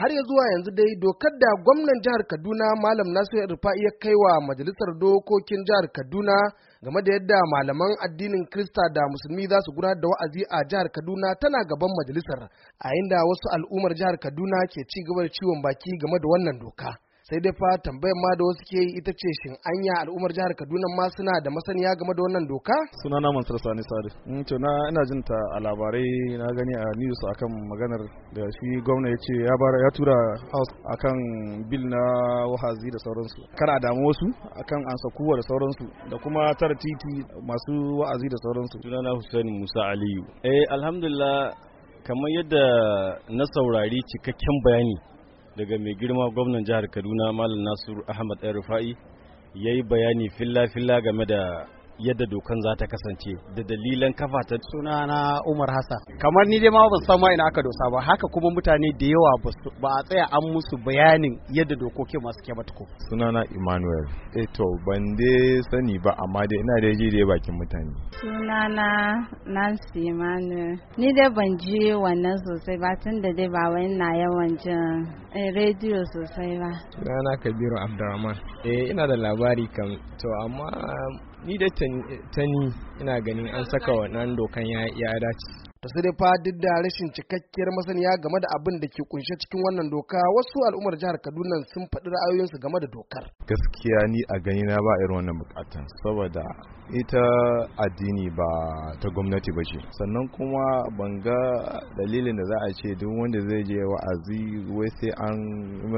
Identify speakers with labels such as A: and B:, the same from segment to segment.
A: har ya zuwa yanzu dai dokar da gwamnan jihar kaduna malam nasiru rufa ya kai wa majalisar dokokin jihar kaduna game da yadda malaman addinin krista da musulmi za su gudanar da wa'azi a jihar kaduna tana gaban majalisar a inda wasu al'ummar jihar kaduna ke ci gaba da ciwon baki game da wannan doka sai dai fa tambayar ma da wasu ke yi ita ce shin anya al'ummar jihar Kaduna ma suna da masaniya game da wannan doka sunana Mansur Sani Sadi mm, to na ina jin ta a labarai na gani a news akan maganar da shi gwamna ya ce ya bar ya tura house akan bill na wahazi da sauransu kar a damu wasu akan ansa kuwa da sauransu da kuma tara titi masu wa'azi da sauransu sunana Hussein Musa
B: Aliyu eh alhamdulillah kamar yadda na saurari cikakken bayani daga mai girma gwamnan jihar kaduna malam nasiru ahmad ɗan rufa'i ya yi bayani filla-filla game da yadda dokan za ta kasance da dalilan kafa ta suna na Umar Hassan kamar ni dai ma ban san ma ina aka dosa ba haka kuma mutane da yawa ba a tsaya an musu bayanin yadda dokokin masu ke ko
A: suna na Emmanuel Eto eh to
B: ban dai sani ba amma dai ina da ji dai bakin mutane suna na Nancy Emmanuel ni dai ban ji wannan sosai ba tun da dai ba wai na yawan jin eh, rediyo sosai ba
A: suna na Kabiru Abdulrahman eh ina da labari kan. to amma ni da tani ina ganin an saka wannan dokan ya dace ta sai dai fa duk da rashin cikakkiyar masaniya game da abin da ke kunshe cikin wannan doka wasu al'ummar jihar Kaduna sun faɗi ra'ayoyinsu game da dokar gaskiya ni a gani na ba irin wannan bukatun saboda ita addini ba ta gwamnati ba ce sannan kuma ban ga dalilin da za a ce duk wanda zai je wa'azi wai sai an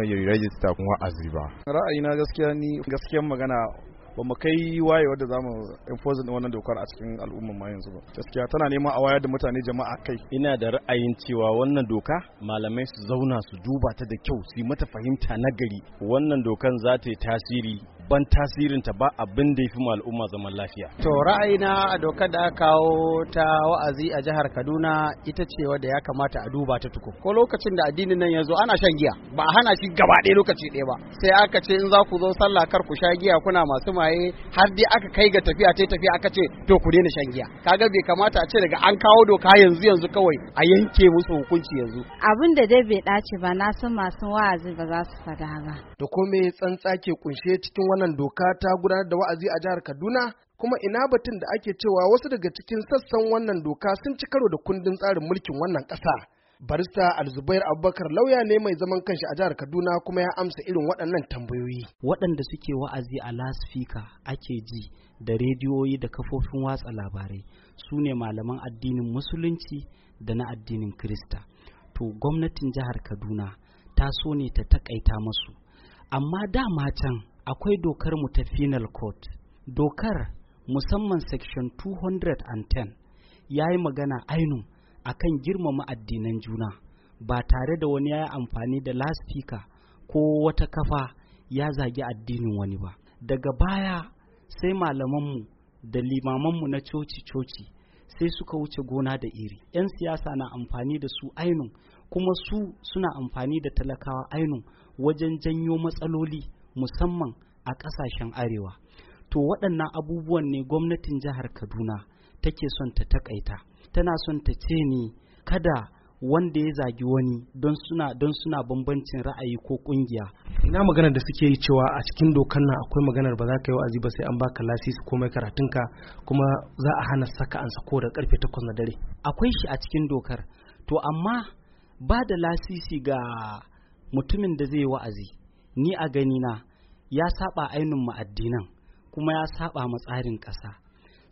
A: yi rajista kuma wa'azi ba ra'ayina gaskiya ni gaskiyan magana ba mu kai waye wadda za mu enforce wannan dokar a cikin al'umma ma yanzu ba gaskiya tana neman a wayar da mutane jama'a kai ina da ra'ayin cewa wannan doka malamai su zauna su duba
B: ta da kyau su yi mata fahimta na gari wannan dokan za ta yi tasiri babban ta ba abin da ya fi al'umma zaman lafiya. To ra'ayina a dokar da aka kawo ta wa'azi a jihar Kaduna ita ce wadda ya kamata a duba ta tuku. Ko lokacin da addinin nan ya zo ana shan giya ba a hana shi gaba ɗaya lokaci ɗaya ba. Sai aka ce in za ku zo sallah kar ku sha giya kuna masu maye har dai aka kai ga tafiya ta tafiya aka ce to ku daina shan giya. Kaga bai kamata a ce daga an kawo doka yanzu yanzu kawai a yanke musu hukunci yanzu.
A: Abin da dai bai dace ba na san masu wa'azi ba za su faɗa ba. Da ko me tsantsa ke kunshe cikin wannan doka ta gudanar da wa'azi a jihar Kaduna kuma ina batun da ake cewa wasu daga cikin sassan wannan doka sun ci karo da kundin tsarin mulkin wannan ƙasa. Barista Alzubair Abubakar lauya ne mai zaman kanshi a jihar Kaduna kuma ya amsa irin waɗannan tambayoyi. Waɗanda suke wa'azi a lasifika
B: ake ji da rediyoyi da kafofin watsa labarai su ne malaman addinin Musulunci da na addinin Kirista. To gwamnatin jihar Kaduna ta so ne ta taƙaita masu. Amma dama can akwai dokar mu ta penal code dokar musamman section 210 ya yi magana ainu akan girmama addinan juna ba tare da wani ya yi amfani da lastika ko wata kafa ya zagi addinin wani ba daga baya sai malamanmu da limamanmu na coci-coci sai suka wuce gona da iri 'yan siyasa na amfani da su ainu kuma su suna amfani da talakawa ainu wajen janyo matsaloli musamman a ƙasashen arewa to waɗannan abubuwan ne gwamnatin jihar kaduna take son ta takaita tana son ta ce ni kada wanda ya zagi wani don suna don suna bambancin ra'ayi ko kungiya
A: ina magana da suke yi cewa a cikin dokan nan akwai maganar ba za ka yi wa'azi ba sai an baka lasisi komai karatunka kuma za a hana saka an sako da karfe 8 na dare
B: akwai shi a cikin dokar to amma ba da lasisi ga mutumin da zai yi wa'azi ni a ganina ya saba ainihin ma'addinan kuma ya saba matsarin ƙasa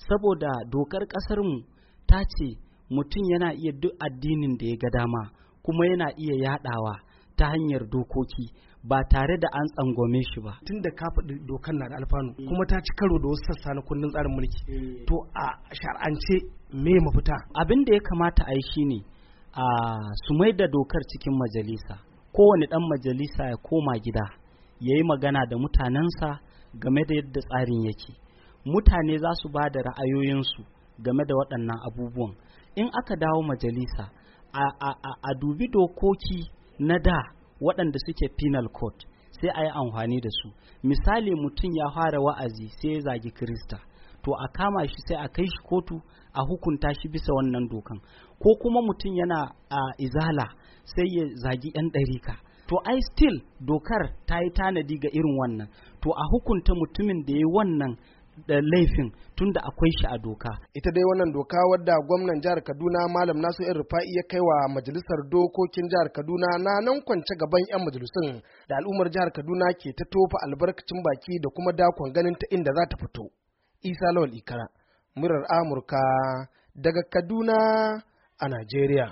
B: saboda dokar ƙasarmu ta ce mutum yana iya duk addinin da ya ga dama kuma yana iya yaɗawa ta hanyar dokoki ba tare da an tsangwame shi ba tun da kafa dokar na da alfanu kuma ta ci karo da wasu sassa na kundin tsarin mulki eh. to a shar'ance me mafita abin da ya kamata a yi shine a su mai da dokar cikin majalisa kowane dan majalisa ya koma gida ya yi magana da mutanensa game da yadda tsarin yake mutane za su ba da ra'ayoyinsu game da waɗannan abubuwan in aka dawo majalisa a, a, a, a dubi dokoki na da waɗanda suke penal court sai a yi amfani da su misali mutum ya fara wa'azi sai ya zagi kirista to a kama shi sai a kai shi kotu a hukunta shi bisa wannan dokan ko kuma mutum yana a izala sai ya zagi 'yan ɗarika to ai still dokar ta yi tanadi ga irin wannan to a hukunta mutumin da ya yi wannan da laifin tunda akwai shi a doka.
A: Ita dai wannan doka wadda gwamnan jihar Kaduna Malam Nasu Rufa'i ya kai wa majalisar dokokin jihar Kaduna na nan kwance gaban 'yan majalisun da al'ummar jihar Kaduna ke ta tofa albarkacin baki da kuma dakon ganin ta inda za ta fito. Isa Lawal Ikara, murar Amurka daga Kaduna a Najeriya.